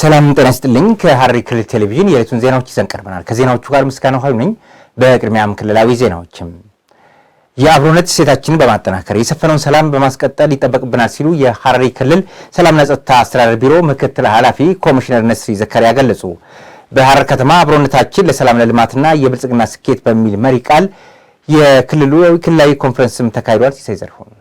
ሰላም ጤና ይስጥልኝ። ከሐረሪ ክልል ቴሌቪዥን የዕለቱን ዜናዎች ይዘን ቀርበናል። ከዜናዎቹ ጋር ምስጋና ኃይሉ ነኝ። በቅድሚያም ክልላዊ ዜናዎችም የአብሮነት እሴታችንን በማጠናከር የሰፈነውን ሰላም በማስቀጠል ይጠበቅብናል ሲሉ የሐረሪ ክልል ሰላምና ጸጥታ አስተዳደር ቢሮ ምክትል ኃላፊ ኮሚሽነር ነስሪ ዘከሪያ ገለጹ። በሐረር ከተማ አብሮነታችን ለሰላም ለልማትና የብልጽግና ስኬት በሚል መሪ ቃል የክልሉ ክልላዊ ኮንፈረንስም ተካሂዷል። ሲሳይ ዘርሁን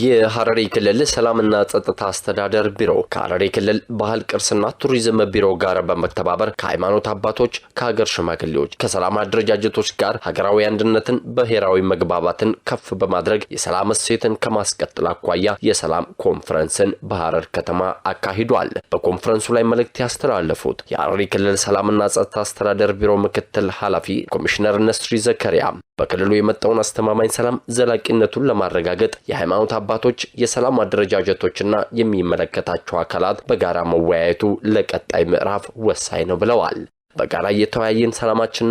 የሐረሪ ክልል ሰላምና ጸጥታ አስተዳደር ቢሮ ከሐረሪ ክልል ባህል ቅርስና ቱሪዝም ቢሮ ጋር በመተባበር ከሃይማኖት አባቶች፣ ከሀገር ሽማግሌዎች፣ ከሰላም አደረጃጀቶች ጋር ሀገራዊ አንድነትን፣ ብሔራዊ መግባባትን ከፍ በማድረግ የሰላም እሴትን ከማስቀጠል አኳያ የሰላም ኮንፈረንስን በሐረር ከተማ አካሂዷል። በኮንፈረንሱ ላይ መልእክት ያስተላለፉት የሐረሪ ክልል ሰላምና ጸጥታ አስተዳደር ቢሮ ምክትል ኃላፊ ኮሚሽነር ነስሪ ዘከሪያ በክልሉ የመጣውን አስተማማኝ ሰላም ዘላቂነቱን ለማረጋገጥ የሃይማኖት አባቶች፣ የሰላም አደረጃጀቶችና የሚመለከታቸው አካላት በጋራ መወያየቱ ለቀጣይ ምዕራፍ ወሳኝ ነው ብለዋል። በጋራ እየተወያየን ሰላማችን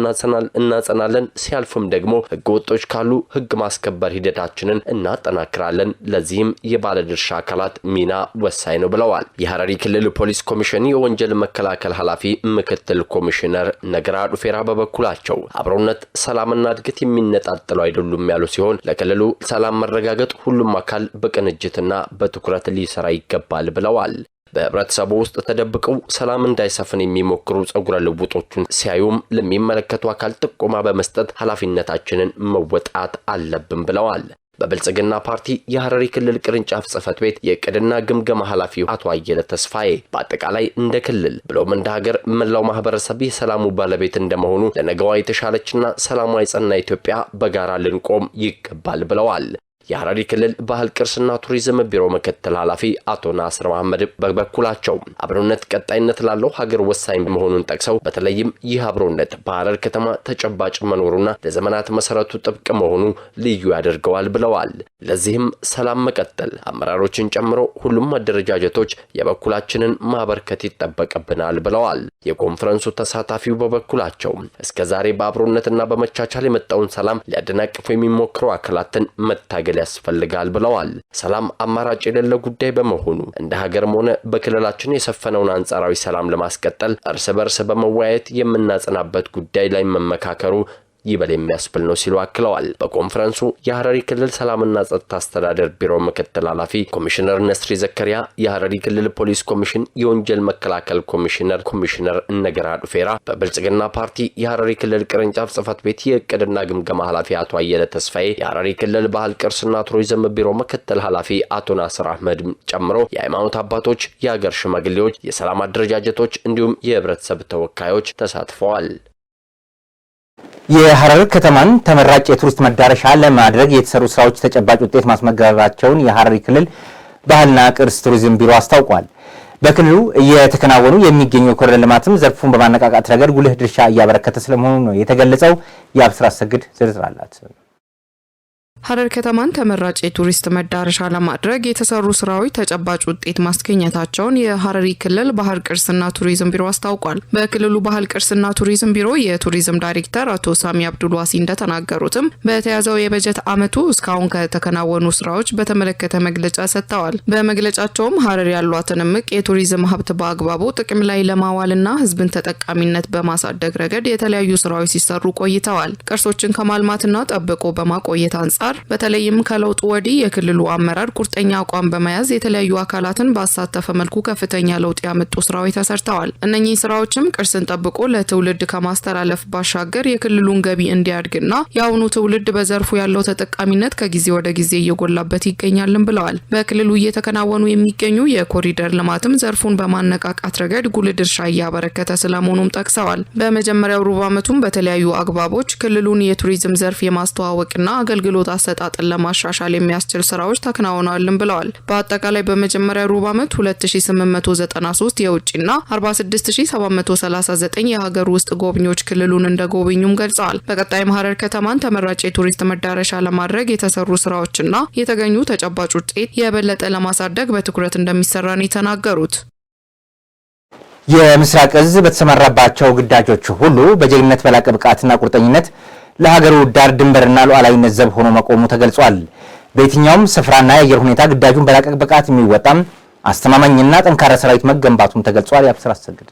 እናጸናለን። ሲያልፉም ደግሞ ህገ ወጦች ካሉ ህግ ማስከበር ሂደታችንን እናጠናክራለን። ለዚህም የባለድርሻ አካላት ሚና ወሳኝ ነው ብለዋል። የሐረሪ ክልል ፖሊስ ኮሚሽን የወንጀል መከላከል ኃላፊ ምክትል ኮሚሽነር ነገራ ዱፌራ በበኩላቸው አብሮነት፣ ሰላምና እድገት የሚነጣጥሉ አይደሉም ያሉ ሲሆን ለክልሉ ሰላም መረጋገጥ ሁሉም አካል በቅንጅትና በትኩረት ሊሰራ ይገባል ብለዋል። በህብረተሰቡ ውስጥ ተደብቀው ሰላም እንዳይሰፍን የሚሞክሩ ጸጉረ ልውጦቹን ሲያዩም ለሚመለከቱ አካል ጥቆማ በመስጠት ኃላፊነታችንን መወጣት አለብን ብለዋል። በብልጽግና ፓርቲ የሐረሪ ክልል ቅርንጫፍ ጽህፈት ቤት የቅድና ግምገማ ኃላፊ አቶ አየለ ተስፋዬ በአጠቃላይ እንደ ክልል ብሎም እንደ ሀገር መላው ማህበረሰብ የሰላሙ ባለቤት እንደመሆኑ ለነገዋ የተሻለችና ሰላሟ ጸና ኢትዮጵያ በጋራ ልንቆም ይገባል ብለዋል። የሐረሪ ክልል ባህል ቅርስና ቱሪዝም ቢሮ ምክትል ኃላፊ አቶ ናስር መሐመድ በበኩላቸው አብሮነት ቀጣይነት ላለው ሀገር ወሳኝ መሆኑን ጠቅሰው በተለይም ይህ አብሮነት በሐረር ከተማ ተጨባጭ መኖሩና ለዘመናት መሰረቱ ጥብቅ መሆኑ ልዩ ያደርገዋል ብለዋል። ለዚህም ሰላም መቀጠል አመራሮችን ጨምሮ ሁሉም አደረጃጀቶች የበኩላችንን ማበርከት ይጠበቅብናል ብለዋል። የኮንፈረንሱ ተሳታፊው በበኩላቸው እስከዛሬ በአብሮነትና በመቻቻል የመጣውን ሰላም ሊያደናቅፉ የሚሞክሩ አካላትን መታገል ማስተካከል ያስፈልጋል ብለዋል። ሰላም አማራጭ የሌለ ጉዳይ በመሆኑ እንደ ሀገርም ሆነ በክልላችን የሰፈነውን አንጻራዊ ሰላም ለማስቀጠል እርስ በርስ በመወያየት የምናጽናበት ጉዳይ ላይ መመካከሩ ይበል የሚያስብል ነው ሲሉ አክለዋል። በኮንፈረንሱ የሐረሪ ክልል ሰላምና ጸጥታ አስተዳደር ቢሮ ምክትል ኃላፊ ኮሚሽነር ነስሪ ዘከሪያ፣ የሐረሪ ክልል ፖሊስ ኮሚሽን የወንጀል መከላከል ኮሚሽነር ኮሚሽነር ነገራ ዱፌራ፣ በብልጽግና ፓርቲ የሐረሪ ክልል ቅርንጫፍ ጽህፈት ቤት የእቅድና ግምገማ ኃላፊ አቶ አየለ ተስፋዬ፣ የሐረሪ ክልል ባህል ቅርስና ቱሪዝም ቢሮ ምክትል ኃላፊ አቶ ናስር አህመድ ጨምሮ የሃይማኖት አባቶች፣ የአገር ሽማግሌዎች፣ የሰላም አደረጃጀቶች እንዲሁም የህብረተሰብ ተወካዮች ተሳትፈዋል። የሐረር ከተማን ተመራጭ የቱሪስት መዳረሻ ለማድረግ የተሰሩ ስራዎች ተጨባጭ ውጤት ማስመዝገባቸውን የሐረሪ ክልል ባህልና ቅርስ ቱሪዝም ቢሮ አስታውቋል። በክልሉ እየተከናወኑ የሚገኙ የኮሪደር ልማትም ዘርፉን በማነቃቃት ረገድ ጉልህ ድርሻ እያበረከተ ስለመሆኑ ነው የተገለጸው። የአብስራ አሰግድ ዝርዝር አላት። ሀረር ከተማን ተመራጭ የቱሪስት መዳረሻ ለማድረግ የተሰሩ ስራዎች ተጨባጭ ውጤት ማስገኘታቸውን የሀረሪ ክልል ባህል ቅርስና ቱሪዝም ቢሮ አስታውቋል። በክልሉ ባህል ቅርስና ቱሪዝም ቢሮ የቱሪዝም ዳይሬክተር አቶ ሳሚ አብዱልዋሲ እንደተናገሩትም በተያዘው የበጀት ዓመቱ እስካሁን ከተከናወኑ ስራዎች በተመለከተ መግለጫ ሰጥተዋል። በመግለጫቸውም ሀረር ያሏትን እምቅ የቱሪዝም ሀብት በአግባቡ ጥቅም ላይ ለማዋልና ህዝብን ተጠቃሚነት በማሳደግ ረገድ የተለያዩ ስራዎች ሲሰሩ ቆይተዋል። ቅርሶችን ከማልማትና ጠብቆ በማቆየት አንጻር አንጻር በተለይም ከለውጡ ወዲህ የክልሉ አመራር ቁርጠኛ አቋም በመያዝ የተለያዩ አካላትን ባሳተፈ መልኩ ከፍተኛ ለውጥ ያመጡ ስራዎች ተሰርተዋል። እነኚህ ስራዎችም ቅርስን ጠብቆ ለትውልድ ከማስተላለፍ ባሻገር የክልሉን ገቢ እንዲያድግና የአሁኑ ትውልድ በዘርፉ ያለው ተጠቃሚነት ከጊዜ ወደ ጊዜ እየጎላበት ይገኛልን ብለዋል። በክልሉ እየተከናወኑ የሚገኙ የኮሪደር ልማትም ዘርፉን በማነቃቃት ረገድ ጉልህ ድርሻ እያበረከተ ስለመሆኑም ጠቅሰዋል። በመጀመሪያው ሩብ ዓመቱም በተለያዩ አግባቦች ክልሉን የቱሪዝም ዘርፍ የማስተዋወቅና አገልግሎት አሰጣጥን ለማሻሻል የሚያስችል ስራዎች ተከናውነዋልም ብለዋል። በአጠቃላይ በመጀመሪያ ሩብ ዓመት 2893 የውጭና 46739 የሀገር ውስጥ ጎብኚዎች ክልሉን እንደጎበኙም ገልጸዋል። በቀጣይም ሀረር ከተማን ተመራጭ የቱሪስት መዳረሻ ለማድረግ የተሰሩ ስራዎችና የተገኙ ተጨባጭ ውጤት የበለጠ ለማሳደግ በትኩረት እንደሚሰራ ነው የተናገሩት። የምስራቅ እዝ በተሰማራባቸው ግዳጆች ሁሉ በጀግንነት በላቀ ብቃትና ቁርጠኝነት ለሀገሩ ዳር ድንበርና ሉዓላዊነት ዘብ ሆኖ መቆሙ ተገልጿል። በየትኛውም ስፍራና የአየር ሁኔታ ግዳጁን በላቀቅ ብቃት የሚወጣም አስተማማኝና ጠንካራ ሰራዊት መገንባቱም ተገልጿል። የአብስራ አሰግድ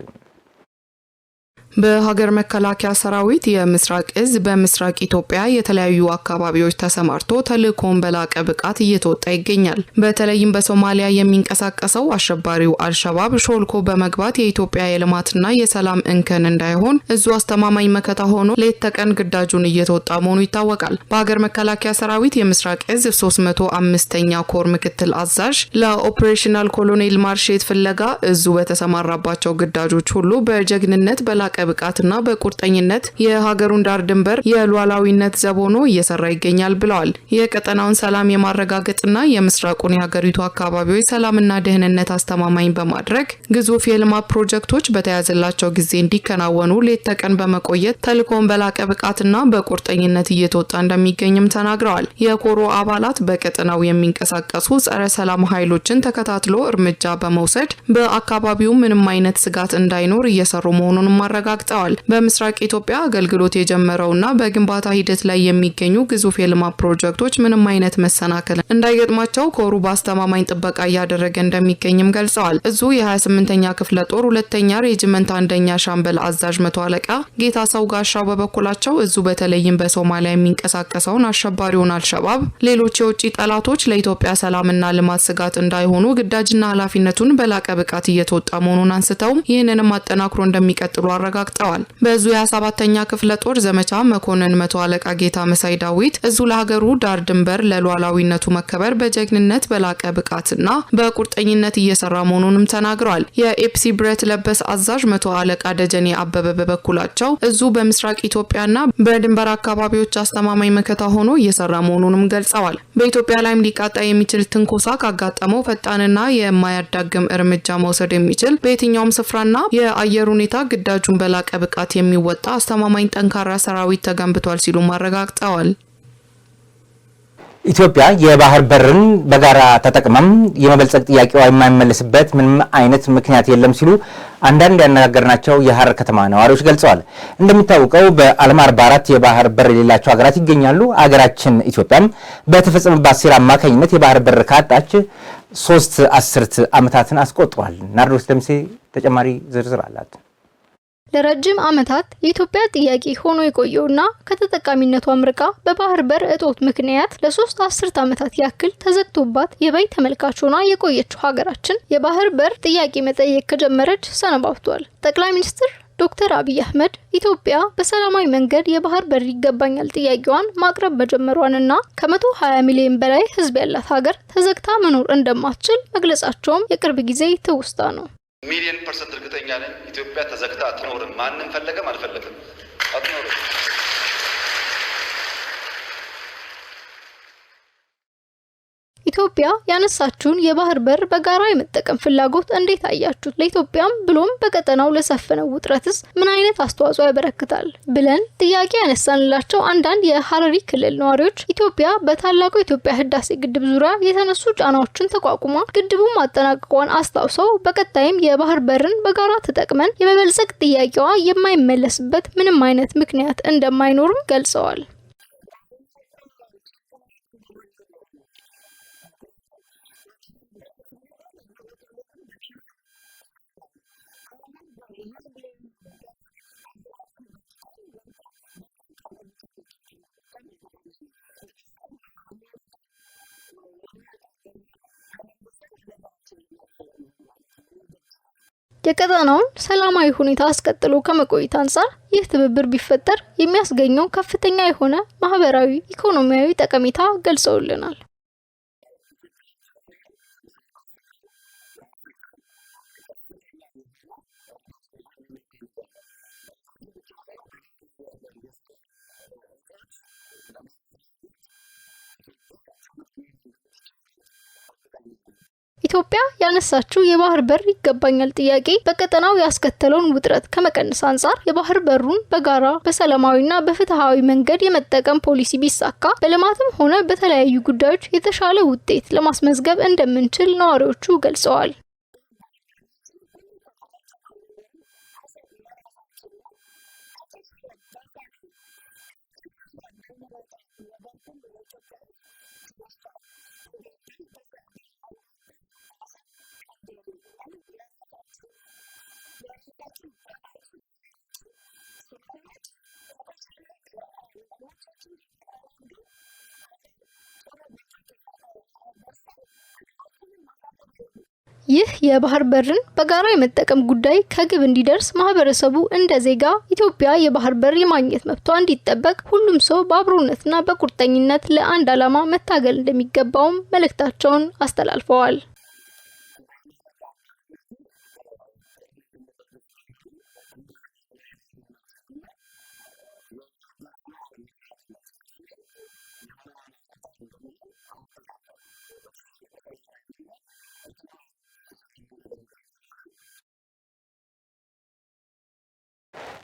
በሀገር መከላከያ ሰራዊት የምስራቅ እዝ በምስራቅ ኢትዮጵያ የተለያዩ አካባቢዎች ተሰማርቶ ተልእኮን በላቀ ብቃት እየተወጣ ይገኛል። በተለይም በሶማሊያ የሚንቀሳቀሰው አሸባሪው አልሸባብ ሾልኮ በመግባት የኢትዮጵያ የልማትና የሰላም እንከን እንዳይሆን እዙ አስተማማኝ መከታ ሆኖ ሌት ተቀን ግዳጁን እየተወጣ መሆኑ ይታወቃል። በሀገር መከላከያ ሰራዊት የምስራቅ እዝ 305ኛ ኮር ምክትል አዛዥ ለኦፕሬሽናል ኮሎኔል ማርሼት ፍለጋ እዙ በተሰማራባቸው ግዳጆች ሁሉ በጀግንነት በላቀ በብቃትና በቁርጠኝነት የሀገሩን ዳር ድንበር የሉዓላዊነት ዘብ ሆኖ እየሰራ ይገኛል ብለዋል። የቀጠናውን ሰላም የማረጋገጥና የምስራቁን የሀገሪቱ አካባቢዎች ሰላምና ደህንነት አስተማማኝ በማድረግ ግዙፍ የልማት ፕሮጀክቶች በተያዘላቸው ጊዜ እንዲከናወኑ ሌት ተቀን በመቆየት ተልእኮውን በላቀ ብቃትና በቁርጠኝነት እየተወጣ እንደሚገኝም ተናግረዋል። የኮሮ አባላት በቀጠናው የሚንቀሳቀሱ ጸረ ሰላም ኃይሎችን ተከታትሎ እርምጃ በመውሰድ በአካባቢው ምንም አይነት ስጋት እንዳይኖር እየሰሩ መሆኑንም አረጋግጠዋል። አረጋግጠዋል። በምስራቅ ኢትዮጵያ አገልግሎት የጀመረውና በግንባታ ሂደት ላይ የሚገኙ ግዙፍ የልማት ፕሮጀክቶች ምንም አይነት መሰናከል እንዳይገጥማቸው ኮሩ በአስተማማኝ ጥበቃ እያደረገ እንደሚገኝም ገልጸዋል። እዙ የ28ኛ ክፍለ ጦር ሁለተኛ ሬጅመንት አንደኛ ሻምበል አዛዥ መቶ አለቃ ጌታ ሰው ጋሻው በበኩላቸው እዙ በተለይም በሶማሊያ የሚንቀሳቀሰውን አሸባሪውን አልሸባብ፣ ሌሎች የውጭ ጠላቶች ለኢትዮጵያ ሰላምና ልማት ስጋት እንዳይሆኑ ግዳጅና ኃላፊነቱን በላቀ ብቃት እየተወጣ መሆኑን አንስተውም ይህንንም አጠናክሮ እንደሚቀጥሉ አረጋግጠዋል። አረጋግጠዋል። በዙ የ27ተኛ ክፍለ ጦር ዘመቻ መኮንን መቶ አለቃ ጌታ መሳይ ዳዊት እዙ ለሀገሩ ዳር ድንበር ለሉዓላዊነቱ መከበር በጀግንነት በላቀ ብቃትና በቁርጠኝነት እየሰራ መሆኑንም ተናግረዋል። የኤፕሲ ብረት ለበስ አዛዥ መቶ አለቃ ደጀኔ አበበ በበኩላቸው እዙ በምስራቅ ኢትዮጵያና በድንበር አካባቢዎች አስተማማኝ መከታ ሆኖ እየሰራ መሆኑንም ገልጸዋል። በኢትዮጵያ ላይም ሊቃጣ የሚችል ትንኮሳ ካጋጠመው ፈጣንና የማያዳግም እርምጃ መውሰድ የሚችል በየትኛውም ስፍራና የአየር ሁኔታ ግዳጁን በላ በላቀ ብቃት የሚወጣ አስተማማኝ ጠንካራ ሰራዊት ተገንብቷል ሲሉ አረጋግጠዋል። ኢትዮጵያ የባህር በርን በጋራ ተጠቅመም የመበልጸግ ጥያቄዋ የማይመለስበት ምንም አይነት ምክንያት የለም ሲሉ አንዳንድ ያነጋገርናቸው የሀረር ከተማ ነዋሪዎች ገልጸዋል። እንደሚታወቀው በዓለም አርባ አራት የባህር በር የሌላቸው ሀገራት ይገኛሉ። አገራችን ኢትዮጵያም በተፈጸመባት ሴራ አማካኝነት የባህር በር ካጣች ሶስት አስርት ዓመታትን አስቆጥሯል። ናርዶስ ደምሴ ተጨማሪ ዝርዝር አላት። ለረጅም ዓመታት የኢትዮጵያ ጥያቄ ሆኖ የቆየውና ከተጠቃሚነቱ አምርቃ በባህር በር እጦት ምክንያት ለሶስት አስርት ዓመታት ያክል ተዘግቶባት የበይ ተመልካች ሆና የቆየችው ሀገራችን የባህር በር ጥያቄ መጠየቅ ከጀመረች ሰነባብቷል። ጠቅላይ ሚኒስትር ዶክተር አብይ አህመድ ኢትዮጵያ በሰላማዊ መንገድ የባህር በር ይገባኛል ጥያቄዋን ማቅረብ መጀመሯንና ከ120 ሚሊዮን በላይ ሕዝብ ያላት ሀገር ተዘግታ መኖር እንደማትችል መግለጻቸውም የቅርብ ጊዜ ትውስታ ነው። ሚሊዮን ፐርሰንት እርግጠኛ ነኝ ኢትዮጵያ ተዘግታ አትኖርም። ማንም ፈለገም አልፈለገም አትኖርም። ኢትዮጵያ ያነሳችውን የባህር በር በጋራ የመጠቀም ፍላጎት እንዴት አያችሁት? ለኢትዮጵያም ብሎም በቀጠናው ለሰፈነው ውጥረትስ ምን አይነት አስተዋጽኦ ያበረክታል? ብለን ጥያቄ ያነሳንላቸው አንዳንድ የሀረሪ ክልል ነዋሪዎች ኢትዮጵያ በታላቁ የኢትዮጵያ ህዳሴ ግድብ ዙሪያ የተነሱ ጫናዎችን ተቋቁማ ግድቡም ማጠናቀቋን አስታውሰው በቀጣይም የባህር በርን በጋራ ተጠቅመን የመበልጸግ ጥያቄዋ የማይመለስበት ምንም አይነት ምክንያት እንደማይኖርም ገልጸዋል። የቀጠናውን ሰላማዊ ሁኔታ አስቀጥሎ ከመቆየት አንጻር ይህ ትብብር ቢፈጠር የሚያስገኘው ከፍተኛ የሆነ ማህበራዊ፣ ኢኮኖሚያዊ ጠቀሜታ ገልጸውልናል። ያነሳችው የባህር በር ይገባኛል ጥያቄ በቀጠናው ያስከተለውን ውጥረት ከመቀነስ አንጻር የባህር በሩን በጋራ በሰላማዊና በፍትሐዊ መንገድ የመጠቀም ፖሊሲ ቢሳካ በልማትም ሆነ በተለያዩ ጉዳዮች የተሻለ ውጤት ለማስመዝገብ እንደምንችል ነዋሪዎቹ ገልጸዋል። ይህ የባህር በርን በጋራ የመጠቀም ጉዳይ ከግብ እንዲደርስ ማህበረሰቡ እንደ ዜጋ ኢትዮጵያ የባህር በር የማግኘት መብቷ እንዲጠበቅ ሁሉም ሰው በአብሮነትና በቁርጠኝነት ለአንድ ዓላማ መታገል እንደሚገባውም መልእክታቸውን አስተላልፈዋል።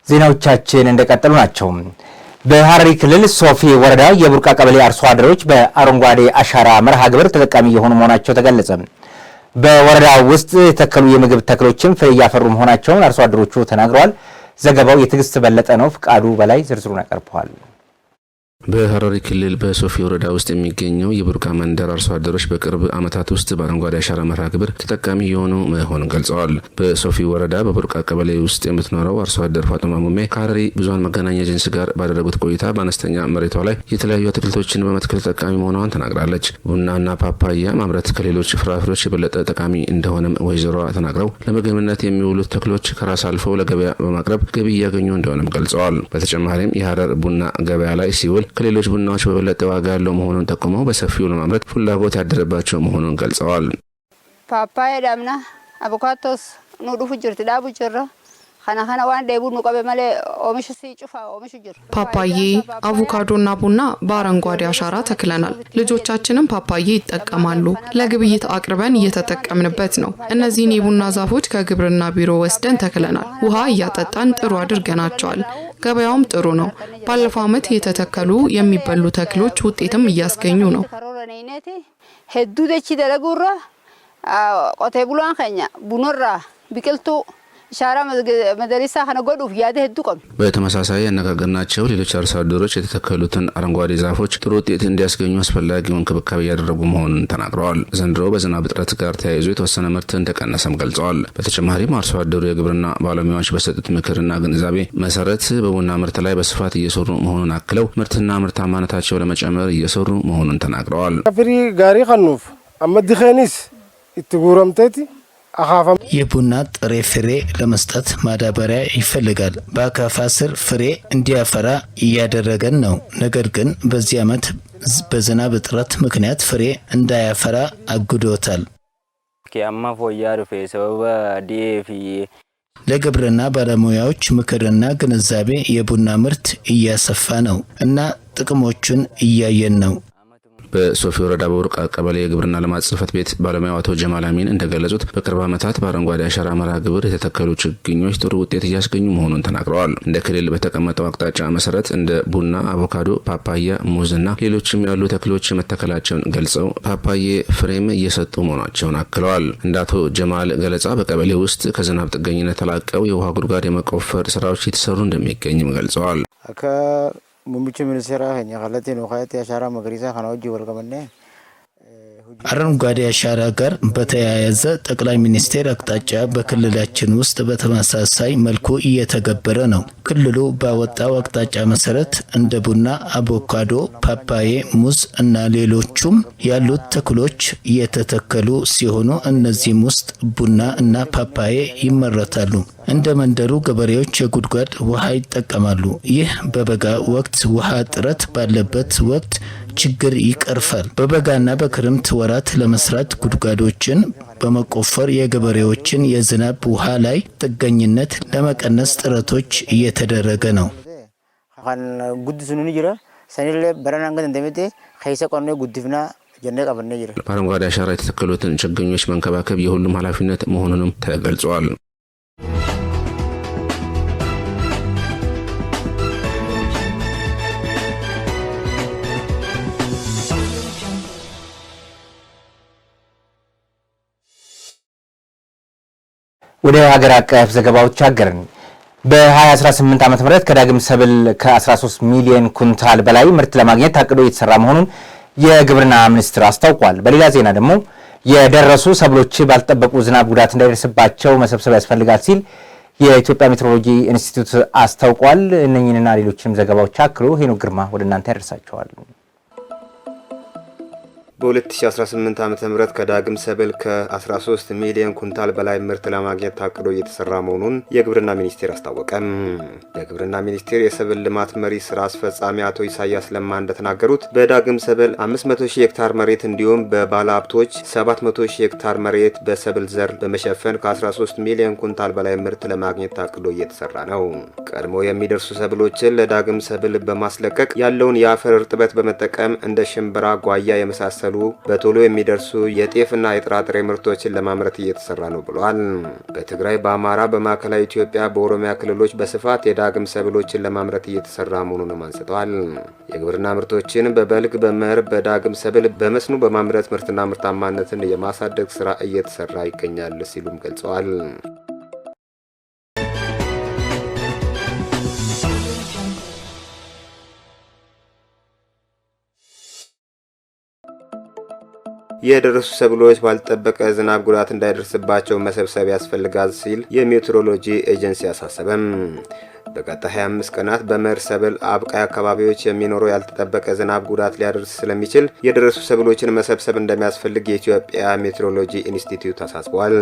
ዜናዎቻችን እንደቀጠሉ ናቸው። በሐረሪ ክልል ሶፊ ወረዳ የቡርቃ ቀበሌ አርሶ አደሮች በአረንጓዴ አሻራ መርሃ ግብር ተጠቃሚ የሆኑ መሆናቸው ተገለጸ። በወረዳ ውስጥ የተከሉ የምግብ ተክሎችም ፍሬ እያፈሩ መሆናቸውን አርሶ አደሮቹ ተናግረዋል። ዘገባው የትዕግስት በለጠ ነው። ፍቃዱ በላይ ዝርዝሩን ያቀርበዋል። በሀረሪ ክልል በሶፊ ወረዳ ውስጥ የሚገኘው የቡርቃ መንደር አርሶ አደሮች በቅርብ ዓመታት ውስጥ በአረንጓዴ አሻራ መርሃ ግብር ተጠቃሚ የሆኑ መሆኑን ገልጸዋል። በሶፊ ወረዳ በቡርቃ ቀበሌ ውስጥ የምትኖረው አርሶ አደር ፋጡማ ሙሜ ከሀረሪ ብዙሀን መገናኛ ኤጀንሲ ጋር ባደረጉት ቆይታ በአነስተኛ መሬቷ ላይ የተለያዩ አትክልቶችን በመትከል ተጠቃሚ መሆኗን ተናግራለች። ቡናና ፓፓያ ማምረት ከሌሎች ፍራፍሬዎች የበለጠ ጠቃሚ እንደሆነም ወይዘሮዋ ተናግረው ለምግብነት የሚውሉት ተክሎች ከራስ አልፈው ለገበያ በማቅረብ ገቢ እያገኙ እንደሆነም ገልጸዋል። በተጨማሪም የሀረር ቡና ገበያ ላይ ሲውል ከሌሎች ቡናዎች በበለጠ ዋጋ ያለው መሆኑን ጠቁመው በሰፊው ለማምረት ፍላጎት ያደረባቸው መሆኑን ገልጸዋል። ፓፓያ ዳምና አቮካቶስ ኑዱፉ ጅርት ዳቡ ጅራ ፓፓዬ፣ አቮካዶና ቡና በአረንጓዴ አሻራ ተክለናል። ልጆቻችንም ፓፓዬ ይጠቀማሉ። ለግብይት አቅርበን እየተጠቀምንበት ነው። እነዚህን የቡና ዛፎች ከግብርና ቢሮ ወስደን ተክለናል። ውሃ እያጠጣን ጥሩ አድርገናቸዋል። ገበያውም ጥሩ ነው። ባለፈው ዓመት የተተከሉ የሚበሉ ተክሎች ውጤትም እያስገኙ ነው። ሄዱ ደቺ ደረጉራ ቆቴ ቡላን ከኛ ቡኖራ ቢቅልቱ ሻራ መደሪሳ ከነጎዱፍ ያደ ህዱ ቆም በተመሳሳይ ያነጋገርናቸው ሌሎች አርሶ አደሮች የተተከሉትን አረንጓዴ ዛፎች ጥሩ ውጤት እንዲያስገኙ አስፈላጊውን እንክብካቤ እያደረጉ መሆኑን ተናግረዋል። ዘንድሮ በዝናብ እጥረት ጋር ተያይዞ የተወሰነ ምርት እንደቀነሰም ገልጸዋል። በተጨማሪም አርሶ አደሩ የግብርና ባለሙያዎች በሰጡት ምክርና ግንዛቤ መሰረት በቡና ምርት ላይ በስፋት እየሰሩ መሆኑን አክለው ምርትና ምርታማነታቸው ለመጨመር እየሰሩ መሆኑን ተናግረዋል። ፍሪ ጋሪ ከኑፍ አመድኸኒስ እትጉረምተቲ የቡና ጥሬ ፍሬ ለመስጠት ማዳበሪያ ይፈልጋል። በአካፋ ስር ፍሬ እንዲያፈራ እያደረገን ነው። ነገር ግን በዚህ ዓመት በዝናብ እጥረት ምክንያት ፍሬ እንዳያፈራ አግዶታል። ለግብርና ባለሙያዎች ምክርና ግንዛቤ የቡና ምርት እያሰፋ ነው እና ጥቅሞቹን እያየን ነው። በሶፊ ወረዳ በውርቃ ቀበሌ የግብርና ልማት ጽህፈት ቤት ባለሙያው አቶ ጀማል አሚን እንደገለጹት በቅርብ ዓመታት በአረንጓዴ አሻራ መርሃ ግብር የተተከሉ ችግኞች ጥሩ ውጤት እያስገኙ መሆኑን ተናግረዋል። እንደ ክልል በተቀመጠው አቅጣጫ መሰረት እንደ ቡና፣ አቮካዶ፣ ፓፓያ፣ ሙዝ እና ሌሎችም ያሉ ተክሎች መተከላቸውን ገልጸው ፓፓዬ ፍሬም እየሰጡ መሆናቸውን አክለዋል። እንደ አቶ ጀማል ገለጻ በቀበሌ ውስጥ ከዝናብ ጥገኝነት ተላቀው የውሃ ጉድጓድ የመቆፈር ስራዎች የተሰሩ እንደሚገኝም ገልጸዋል። Muummichi ministeera keenya kallattiin Wuqaayetti Ashaaraa Magariisaa kana wajjin wal eh, አረንጓዴ አሻራ ጋር በተያያዘ ጠቅላይ ሚኒስቴር አቅጣጫ በክልላችን ውስጥ በተመሳሳይ መልኩ እየተገበረ ነው። ክልሉ ባወጣው አቅጣጫ መሰረት እንደ ቡና፣ አቮካዶ፣ ፓፓዬ፣ ሙዝ እና ሌሎቹም ያሉት ተክሎች እየተተከሉ ሲሆኑ እነዚህም ውስጥ ቡና እና ፓፓዬ ይመረታሉ። እንደ መንደሩ ገበሬዎች የጉድጓድ ውሃ ይጠቀማሉ። ይህ በበጋ ወቅት ውሃ እጥረት ባለበት ወቅት ችግር ይቀርፋል። በበጋና በክረምት ወራት ለመስራት ጉድጓዶችን በመቆፈር የገበሬዎችን የዝናብ ውሃ ላይ ጥገኝነት ለመቀነስ ጥረቶች እየተደረገ ነው። በአረንጓዴ አሻራ የተተከሉትን ችግኞች መንከባከብ የሁሉም ኃላፊነት መሆኑንም ተገልጿል። ወደ ሀገር አቀፍ ዘገባዎች አገርን በ2018 ዓ ም ከዳግም ሰብል ከ13 ሚሊዮን ኩንታል በላይ ምርት ለማግኘት ታቅዶ እየተሰራ መሆኑን የግብርና ሚኒስትር አስታውቋል። በሌላ ዜና ደግሞ የደረሱ ሰብሎች ባልተጠበቁ ዝናብ ጉዳት እንዳይደርስባቸው መሰብሰብ ያስፈልጋል ሲል የኢትዮጵያ ሜትሮሎጂ ኢንስቲትዩት አስታውቋል። እነኝንና ሌሎችንም ዘገባዎች አክሎ ሄኖ ግርማ ወደ እናንተ ያደርሳቸዋል። በ2018 ዓ ም ከዳግም ሰብል ከ13 ሚሊዮን ኩንታል በላይ ምርት ለማግኘት ታቅዶ እየተሰራ መሆኑን የግብርና ሚኒስቴር አስታወቀም። የግብርና ሚኒስቴር የሰብል ልማት መሪ ስራ አስፈጻሚ አቶ ኢሳያስ ለማ እንደተናገሩት በዳግም ሰብል 500 ሺህ ሄክታር መሬት እንዲሁም በባለ ሀብቶች 700 ሺህ ሄክታር መሬት በሰብል ዘር በመሸፈን ከ13 ሚሊዮን ኩንታል በላይ ምርት ለማግኘት ታቅዶ እየተሰራ ነው። ቀድሞ የሚደርሱ ሰብሎችን ለዳግም ሰብል በማስለቀቅ ያለውን የአፈር እርጥበት በመጠቀም እንደ ሽምብራ፣ ጓያ የመሳሰሉ በመቀጠሉ በቶሎ የሚደርሱ የጤፍና የጥራጥሬ ምርቶችን ለማምረት እየተሰራ ነው ብሏል። በትግራይ፣ በአማራ፣ በማዕከላዊ ኢትዮጵያ፣ በኦሮሚያ ክልሎች በስፋት የዳግም ሰብሎችን ለማምረት እየተሰራ መሆኑንም አንስተዋል። የግብርና ምርቶችን በበልግ፣ በመኸር፣ በዳግም ሰብል፣ በመስኖ በማምረት ምርትና ምርታማነትን የማሳደግ ስራ እየተሰራ ይገኛል ሲሉም ገልጸዋል። የደረሱ ሰብሎች ባልጠበቀ ዝናብ ጉዳት እንዳይደርስባቸው መሰብሰብ ያስፈልጋል ሲል የሜትሮሎጂ ኤጀንሲ አሳሰበም። በቀጣይ 25 ቀናት በመኸር ሰብል አብቃይ አካባቢዎች የሚኖረው ያልተጠበቀ ዝናብ ጉዳት ሊያደርስ ስለሚችል የደረሱ ሰብሎችን መሰብሰብ እንደሚያስፈልግ የኢትዮጵያ ሜትሮሎጂ ኢንስቲትዩት አሳስቧል።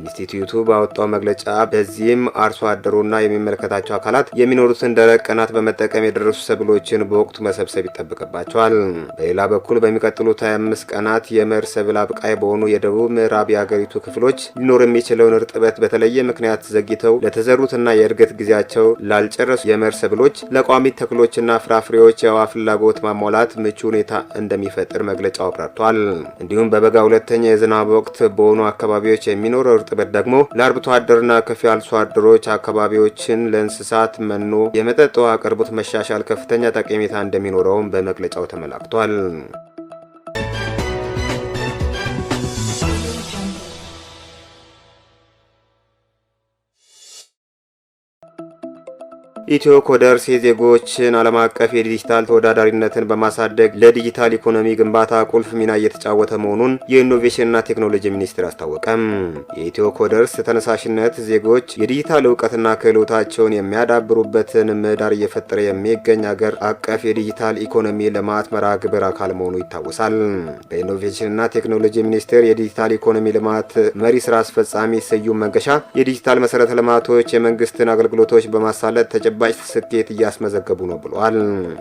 ኢንስቲትዩቱ ባወጣው መግለጫ በዚህም አርሶ አደሩና የሚመለከታቸው አካላት የሚኖሩትን ደረቅ ቀናት በመጠቀም የደረሱ ሰብሎችን በወቅቱ መሰብሰብ ይጠበቅባቸዋል። በሌላ በኩል በሚቀጥሉት 25 ቀናት የመር ሰብል አብቃይ በሆኑ የደቡብ ምዕራብ የአገሪቱ ክፍሎች ሊኖር የሚችለውን እርጥበት በተለየ ምክንያት ዘግይተው ለተዘሩትና የእድገት ጊዜያቸው ላልጨረሱ የመር ሰብሎች ለቋሚ ተክሎችና ፍራፍሬዎች የውሃ ፍላጎት ማሟላት ምቹ ሁኔታ እንደሚፈጥር መግለጫው አብራርቷል። እንዲሁም በበጋ ሁለተኛ የዝናብ ወቅት በሆኑ አካባቢዎች የሚኖረው እርጥበት ደግሞ ለአርብቶ አደርና ከፍ ያሉ አደሮች አካባቢዎችን ለእንስሳት መኖ፣ የመጠጥ ውሃ አቅርቦት መሻሻል ከፍተኛ ጠቀሜታ እንደሚኖረውም በመግለጫው ተመላክቷል። ኢትዮ ኮደርስ የዜጎችን ዓለም አቀፍ የዲጂታል ተወዳዳሪነትን በማሳደግ ለዲጂታል ኢኮኖሚ ግንባታ ቁልፍ ሚና እየተጫወተ መሆኑን የኢኖቬሽንና ቴክኖሎጂ ሚኒስቴር አስታወቀም። የኢትዮ ኮደርስ ተነሳሽነት ዜጎች የዲጂታል እውቀትና ክህሎታቸውን የሚያዳብሩበትን ምህዳር እየፈጠረ የሚገኝ አገር አቀፍ የዲጂታል ኢኮኖሚ ልማት መርሃ ግብር አካል መሆኑ ይታወሳል። በኢኖቬሽንና ቴክኖሎጂ ሚኒስቴር የዲጂታል ኢኮኖሚ ልማት መሪ ስራ አስፈጻሚ ስዩም መንገሻ የዲጂታል መሰረተ ልማቶች የመንግስትን አገልግሎቶች በማሳለጥ ተጨ ተጨባጭ ስኬት እያስመዘገቡ ነው ብለዋል።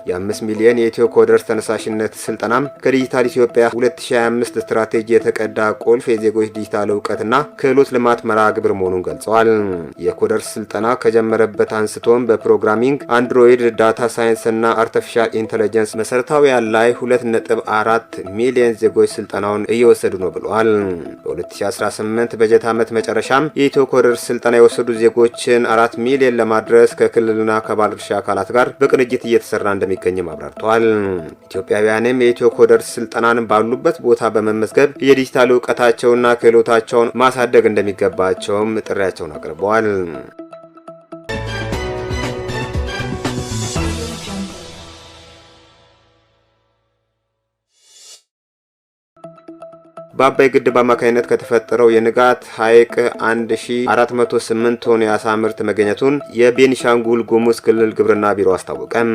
የአምስት ሚሊዮን የኢትዮ ኮደርስ ተነሳሽነት ስልጠና ከዲጂታል ኢትዮጵያ 2025 ስትራቴጂ የተቀዳ ቁልፍ የዜጎች ዲጂታል እውቀትና ክህሎት ልማት መርሃ ግብር መሆኑን ገልጸዋል። የኮደርስ ስልጠና ከጀመረበት አንስቶም በፕሮግራሚንግ አንድሮይድ፣ ዳታ ሳይንስና አርቲፊሻል ኢንተለጀንስ መሰረታዊያን ላይ 2.4 ሚሊዮን ዜጎች ስልጠናውን እየወሰዱ ነው ብለዋል። በ2018 በጀት ዓመት መጨረሻም የኢትዮ ኮደርስ ስልጠና የወሰዱ ዜጎችን አራት ሚሊዮን ለማድረስ ከክልል ከመንግስትና ከባለድርሻ አካላት ጋር በቅንጅት እየተሰራ እንደሚገኝም አብራርተዋል። ኢትዮጵያውያንም የኢትዮ ኮደርስ ስልጠናን ባሉበት ቦታ በመመዝገብ የዲጂታል እውቀታቸውና ክህሎታቸውን ማሳደግ እንደሚገባቸውም ጥሪያቸውን አቅርበዋል። በአባይ ግድብ አማካኝነት ከተፈጠረው የንጋት ሐይቅ 1408 ቶን የአሳ ምርት መገኘቱን የቤኒሻንጉል ጉሙዝ ክልል ግብርና ቢሮ አስታወቀም።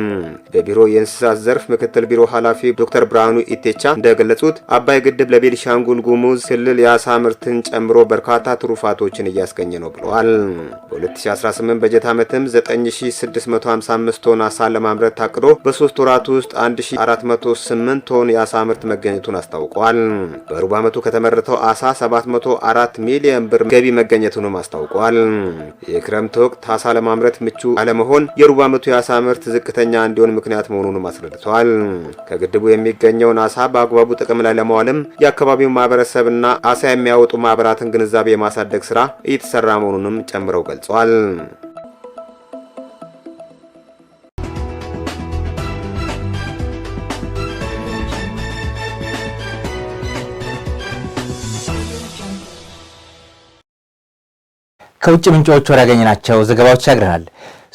በቢሮ የእንስሳት ዘርፍ ምክትል ቢሮ ኃላፊ ዶክተር ብርሃኑ ኢቴቻ እንደገለጹት አባይ ግድብ ለቤኒሻንጉል ጉሙዝ ክልል የአሳ ምርትን ጨምሮ በርካታ ትሩፋቶችን እያስገኘ ነው ብለዋል። በ2018 በጀት ዓመትም 9655 ቶን አሳ ለማምረት ታቅዶ በሶስት ወራት ውስጥ 1408 ቶን የአሳ ምርት መገኘቱን አስታውቀዋል። በሩብ በዓመቱ ከተመረተው አሳ 704 ሚሊዮን ብር ገቢ መገኘቱንም አስታውቋል። የክረምት ወቅት አሳ ለማምረት ምቹ አለመሆን የሩብ ዓመቱ የአሳ ምርት ዝቅተኛ እንዲሆን ምክንያት መሆኑንም አስረድተዋል። ከግድቡ የሚገኘውን አሳ በአግባቡ ጥቅም ላይ ለማዋልም የአካባቢው ማህበረሰብና አሳ የሚያወጡ ማህበራትን ግንዛቤ የማሳደግ ስራ እየተሰራ መሆኑንም ጨምረው ገልጿል። ከውጭ ምንጮች ወዳገኘናቸው ዘገባዎች ያግረናል።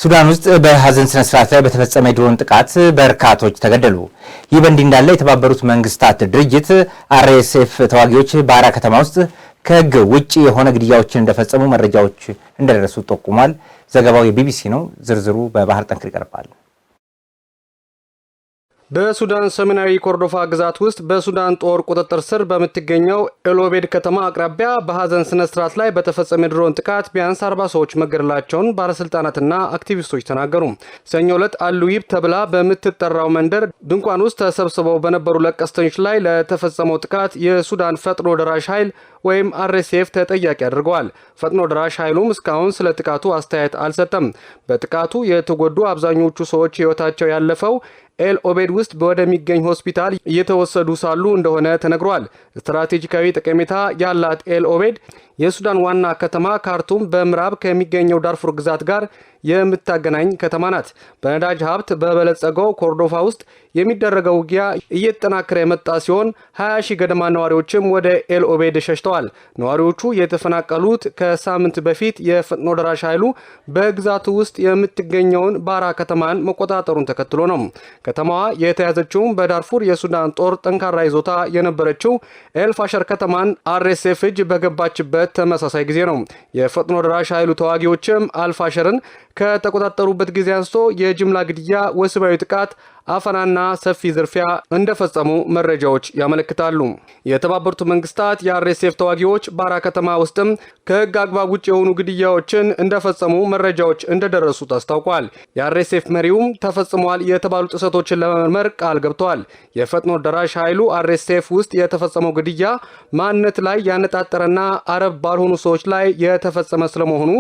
ሱዳን ውስጥ በሀዘን ስነ ስርዓት ላይ በተፈጸመ የድሮን ጥቃት በርካቶች ተገደሉ። ይህ በእንዲህ እንዳለ የተባበሩት መንግስታት ድርጅት አርኤስኤፍ ተዋጊዎች ባራ ከተማ ውስጥ ከህግ ውጭ የሆነ ግድያዎችን እንደፈጸሙ መረጃዎች እንደደረሱ ጠቁሟል። ዘገባው የቢቢሲ ነው። ዝርዝሩ በባህር ጠንክር ይቀርባል። በሱዳን ሰሜናዊ ኮርዶፋ ግዛት ውስጥ በሱዳን ጦር ቁጥጥር ስር በምትገኘው ኤሎቤድ ከተማ አቅራቢያ በሐዘን ስነ ስርዓት ላይ በተፈጸመ ድሮን ጥቃት ቢያንስ 40 ሰዎች መገደላቸውን ባለስልጣናትና አክቲቪስቶች ተናገሩ። ሰኞ ዕለት አሉይብ ተብላ በምትጠራው መንደር ድንኳን ውስጥ ተሰብስበው በነበሩ ለቀስተኞች ላይ ለተፈጸመው ጥቃት የሱዳን ፈጥኖ ደራሽ ኃይል ወይም አርኤስኤፍ ተጠያቂ አድርገዋል። ፈጥኖ ድራሽ ኃይሉም እስካሁን ስለ ጥቃቱ አስተያየት አልሰጠም። በጥቃቱ የተጎዱ አብዛኞቹ ሰዎች ህይወታቸው ያለፈው ኤል ኦቤድ ውስጥ ወደሚገኝ ሆስፒታል እየተወሰዱ ሳሉ እንደሆነ ተነግሯል። ስትራቴጂካዊ ጠቀሜታ ያላት ኤል ኦቤድ የሱዳን ዋና ከተማ ካርቱም በምዕራብ ከሚገኘው ዳርፉር ግዛት ጋር የምታገናኝ ከተማ ናት። በነዳጅ ሀብት በበለጸገው ኮርዶፋ ውስጥ የሚደረገው ውጊያ እየተጠናከረ የመጣ ሲሆን 20 ሺህ ገደማ ነዋሪዎችም ወደ ኤልኦቤድ ሸሽተዋል። ነዋሪዎቹ የተፈናቀሉት ከሳምንት በፊት የፈጥኖ ደራሽ ኃይሉ በግዛቱ ውስጥ የምትገኘውን ባራ ከተማን መቆጣጠሩን ተከትሎ ነው። ከተማዋ የተያዘችውም በዳርፉር የሱዳን ጦር ጠንካራ ይዞታ የነበረችው ኤልፋሸር ከተማን አርኤስኤፍ እጅ በገባችበት ተመሳሳይ ጊዜ ነው። የፈጥኖ ደራሽ ኃይሉ ተዋጊዎችም አልፋሸርን ከተቆጣጠሩበት ጊዜ አንስቶ የጅምላ ግድያ፣ ወሲባዊ ጥቃት አፈናና ሰፊ ዝርፊያ እንደፈጸሙ መረጃዎች ያመለክታሉ። የተባበሩት መንግስታት የአርኤስኤፍ ተዋጊዎች ባራ ከተማ ውስጥም ከህግ አግባብ ውጭ የሆኑ ግድያዎችን እንደፈጸሙ መረጃዎች እንደደረሱት አስታውቋል። የአርኤስኤፍ መሪውም ተፈጽሟል የተባሉ ጥሰቶችን ለመመርመር ቃል ገብቷል። የፈጥኖ ደራሽ ኃይሉ አርኤስኤፍ ውስጥ የተፈጸመው ግድያ ማንነት ላይ ያነጣጠረና አረብ ባልሆኑ ሰዎች ላይ የተፈጸመ ስለመሆኑ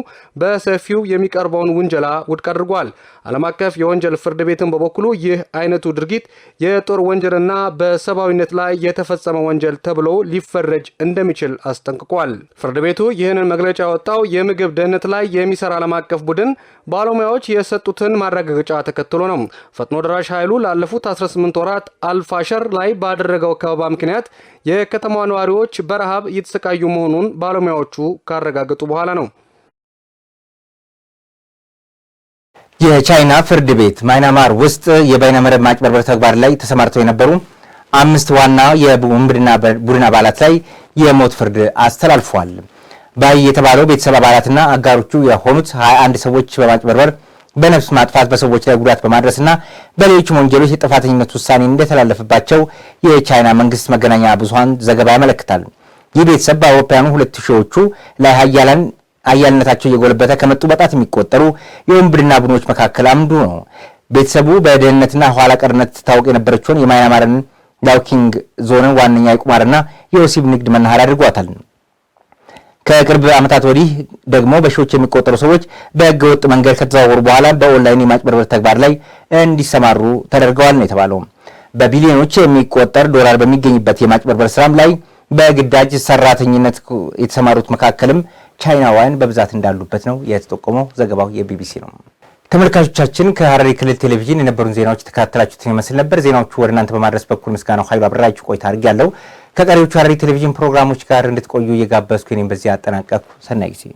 በሰፊው የሚቀርበውን ውንጀላ ውድቅ አድርጓል። ዓለም አቀፍ የወንጀል ፍርድ ቤትን በበኩሉ ይህ አይነቱ ድርጊት የጦር ወንጀልና በሰብአዊነት ላይ የተፈጸመ ወንጀል ተብሎ ሊፈረጅ እንደሚችል አስጠንቅቋል። ፍርድ ቤቱ ይህንን መግለጫ ያወጣው የምግብ ደህንነት ላይ የሚሰራ ዓለም አቀፍ ቡድን ባለሙያዎች የሰጡትን ማረጋገጫ ተከትሎ ነው። ፈጥኖ ደራሽ ኃይሉ ላለፉት 18 ወራት አልፋሸር ላይ ባደረገው ከበባ ምክንያት የከተማ ነዋሪዎች በረሃብ እየተሰቃዩ መሆኑን ባለሙያዎቹ ካረጋገጡ በኋላ ነው። የቻይና ፍርድ ቤት ማይናማር ውስጥ የበይነመረብ ማጭበርበር ተግባር ላይ ተሰማርተው የነበሩ አምስት ዋና የውንብድና ቡድን አባላት ላይ የሞት ፍርድ አስተላልፏል። ባይ የተባለው ቤተሰብ አባላትና አጋሮቹ የሆኑት 21 ሰዎች በማጭበርበር በነፍስ ማጥፋት በሰዎች ላይ ጉዳት በማድረስና በሌሎችም ወንጀሎች የጥፋተኝነት ውሳኔ እንደተላለፈባቸው የቻይና መንግስት መገናኛ ብዙሀን ዘገባ ያመለክታል። ይህ ቤተሰብ በአውሮፓውያኑ ሁለት ሺዎቹ ላይ ሀያላን አያልነታቸው እየጎለበተ ከመጡ በጣት የሚቆጠሩ የወንብድና ቡድኖች መካከል አንዱ ነው። ቤተሰቡ በድህነትና ኋላ ቀርነት ታወቅ የነበረችውን የማይናማርን ዳውኪንግ ዞንን ዋነኛ የቁማርና የወሲብ ንግድ መናኸሪያ አድርጓታል። ከቅርብ ዓመታት ወዲህ ደግሞ በሺዎች የሚቆጠሩ ሰዎች በሕገ ወጥ መንገድ ከተዘዋወሩ በኋላ በኦንላይን የማጭበርበር ተግባር ላይ እንዲሰማሩ ተደርገዋል ነው የተባለው። በቢሊዮኖች የሚቆጠር ዶላር በሚገኝበት የማጭበርበር ስራም ላይ በግዳጅ ሰራተኝነት የተሰማሩት መካከልም ቻይናውያን በብዛት እንዳሉበት ነው የተጠቆመው። ዘገባው የቢቢሲ ነው። ተመልካቾቻችን ከሀረሪ ክልል ቴሌቪዥን የነበሩን ዜናዎች የተከታተላችሁትን ይመስል ነበር። ዜናዎቹ ወደ እናንተ በማድረስ በኩል ምስጋናው ኃይሉ አብራችሁ ቆይታ ያለው ከቀሪዎቹ ሀረሪ ቴሌቪዥን ፕሮግራሞች ጋር እንድትቆዩ እየጋበዝኩ እኔም በዚህ አጠናቀቅኩ። ሰናይ ጊዜ